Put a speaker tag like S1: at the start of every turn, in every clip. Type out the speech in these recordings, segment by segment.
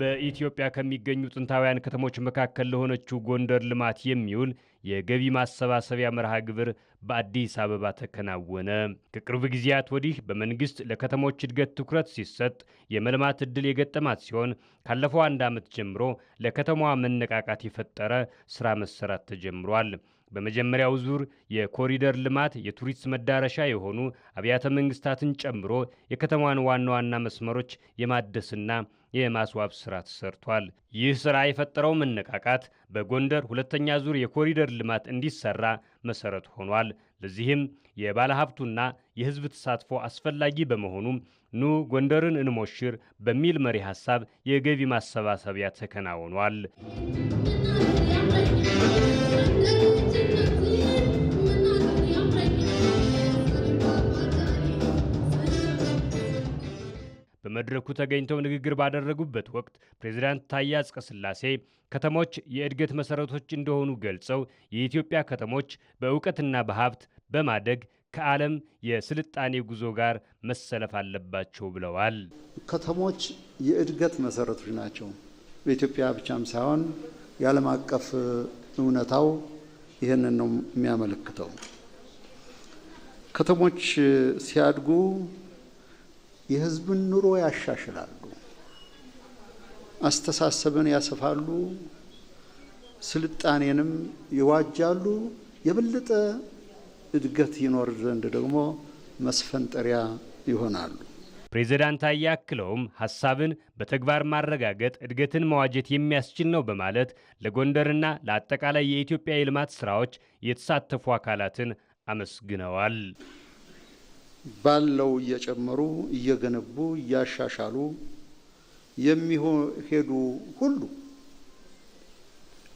S1: በኢትዮጵያ ከሚገኙ ጥንታውያን ከተሞች መካከል ለሆነችው ጎንደር ልማት የሚውል የገቢ ማሰባሰቢያ መርሃ ግብር በአዲስ አበባ ተከናወነ። ከቅርብ ጊዜያት ወዲህ በመንግስት ለከተሞች እድገት ትኩረት ሲሰጥ የመልማት እድል የገጠማት ሲሆን ካለፈው አንድ ዓመት ጀምሮ ለከተማዋ መነቃቃት የፈጠረ ስራ መሰራት ተጀምሯል። በመጀመሪያው ዙር የኮሪደር ልማት የቱሪስት መዳረሻ የሆኑ አብያተ መንግስታትን ጨምሮ የከተማዋን ዋና ዋና መስመሮች የማደስና የማስዋብ ስራ ተሰርቷል። ይህ ስራ የፈጠረው መነቃቃት በጎንደር ሁለተኛ ዙር የኮሪደር ልማት እንዲሰራ መሰረት ሆኗል። ለዚህም የባለሀብቱና የህዝብ ተሳትፎ አስፈላጊ በመሆኑ ኑ ጎንደርን እንሞሽር በሚል መሪ ሀሳብ የገቢ ማሰባሰቢያ ተከናውኗል። በመድረኩ ተገኝተው ንግግር ባደረጉበት ወቅት ፕሬዚዳንት ታዬ አጽቀሥላሴ ከተሞች የእድገት መሠረቶች እንደሆኑ ገልጸው የኢትዮጵያ ከተሞች በእውቀትና በሀብት በማደግ ከዓለም የስልጣኔ ጉዞ ጋር መሰለፍ አለባቸው ብለዋል።
S2: ከተሞች የእድገት መሠረቶች ናቸው። በኢትዮጵያ ብቻም ሳይሆን የዓለም አቀፍ እውነታው ይህንን ነው የሚያመለክተው። ከተሞች ሲያድጉ የህዝብን ኑሮ ያሻሽላሉ፣ አስተሳሰብን ያሰፋሉ፣ ስልጣኔንም ይዋጃሉ። የበለጠ እድገት ይኖር ዘንድ ደግሞ መስፈንጠሪያ ይሆናሉ።
S1: ፕሬዚዳንት ታዬ አክለውም ሀሳብን በተግባር ማረጋገጥ እድገትን መዋጀት የሚያስችል ነው በማለት ለጎንደርና ለአጠቃላይ የኢትዮጵያ የልማት ስራዎች የተሳተፉ አካላትን አመስግነዋል።
S2: ባለው እየጨመሩ እየገነቡ እያሻሻሉ የሚሄዱ ሁሉ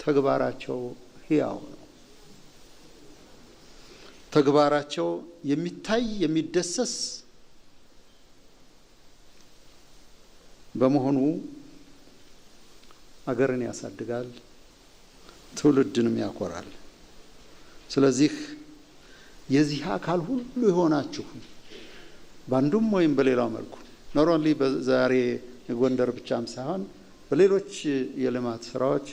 S2: ተግባራቸው ሕያው ነው። ተግባራቸው የሚታይ የሚደሰስ በመሆኑ አገርን ያሳድጋል፣ ትውልድንም ያኮራል። ስለዚህ የዚህ አካል ሁሉ የሆናችሁ በአንዱም ወይም በሌላው መልኩ ኖሮንሊ በዛሬ ጎንደር ብቻም ሳይሆን በሌሎች የልማት ስራዎች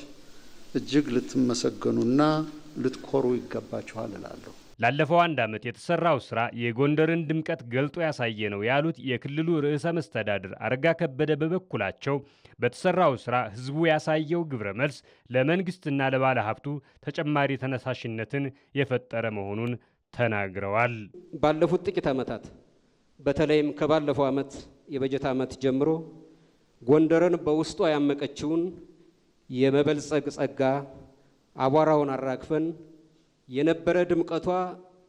S2: እጅግ ልትመሰገኑና ልትኮሩ ይገባችኋል እላለሁ።
S1: ላለፈው አንድ ዓመት የተሰራው ስራ የጎንደርን ድምቀት ገልጦ ያሳየ ነው ያሉት የክልሉ ርዕሰ መስተዳድር አረጋ ከበደ በበኩላቸው በተሰራው ስራ ህዝቡ ያሳየው ግብረ መልስ ለመንግስትና ለባለ ሀብቱ ተጨማሪ ተነሳሽነትን የፈጠረ መሆኑን ተናግረዋል።
S3: ባለፉት ጥቂት ዓመታት በተለይም ከባለፈው ዓመት የበጀት ዓመት ጀምሮ ጎንደርን በውስጧ ያመቀችውን የመበልጸግ ጸጋ አቧራውን አራግፈን የነበረ ድምቀቷ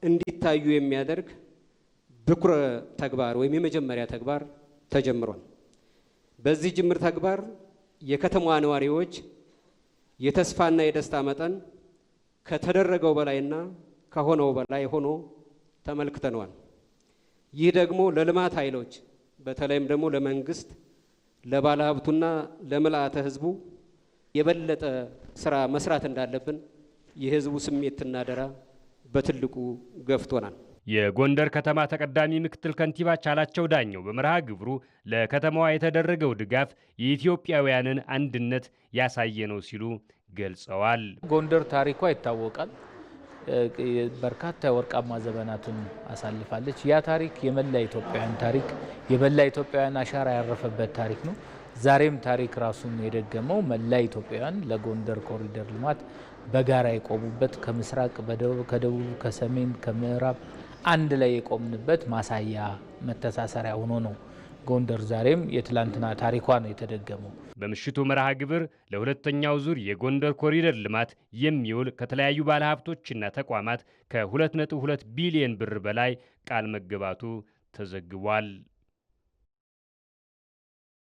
S3: እንዲታዩ የሚያደርግ ብኩረ ተግባር ወይም የመጀመሪያ ተግባር ተጀምሯል። በዚህ ጅምር ተግባር የከተማዋ ነዋሪዎች የተስፋና የደስታ መጠን ከተደረገው በላይና ከሆነው በላይ ሆኖ ተመልክተነዋል። ይህ ደግሞ ለልማት ኃይሎች በተለይም ደግሞ ለመንግስት፣ ለባለሀብቱና ለምልአተ ህዝቡ የበለጠ ስራ መስራት እንዳለብን የህዝቡ ስሜትና እናደራ በትልቁ ገፍቶናል።
S1: የጎንደር ከተማ ተቀዳሚ ምክትል ከንቲባ ቻላቸው ዳኘው በመርሃ ግብሩ ለከተማዋ የተደረገው ድጋፍ የኢትዮጵያውያንን አንድነት ያሳየ ነው ሲሉ ገልጸዋል።
S4: ጎንደር ታሪኳ ይታወቃል። በርካታ የወርቃማ ዘመናትን አሳልፋለች። ያ ታሪክ የመላ ኢትዮጵያውያን ታሪክ፣ የመላ ኢትዮጵያውያን አሻራ ያረፈበት ታሪክ ነው። ዛሬም ታሪክ ራሱን የደገመው መላ ኢትዮጵያውያን ለጎንደር ኮሪደር ልማት በጋራ የቆሙበት ከምስራቅ፣ ከደቡብ፣ ከሰሜን፣ ከምዕራብ አንድ ላይ የቆምንበት ማሳያ መተሳሰሪያ ሆኖ ነው ጎንደር ዛሬም የትላንትና ታሪኳ ነው የተደገመው።
S1: በምሽቱ መርሃ ግብር ለሁለተኛው ዙር የጎንደር ኮሪደር ልማት የሚውል ከተለያዩ ባለሀብቶችና ተቋማት ከ2.2 ቢሊዮን ብር በላይ ቃል መገባቱ ተዘግቧል።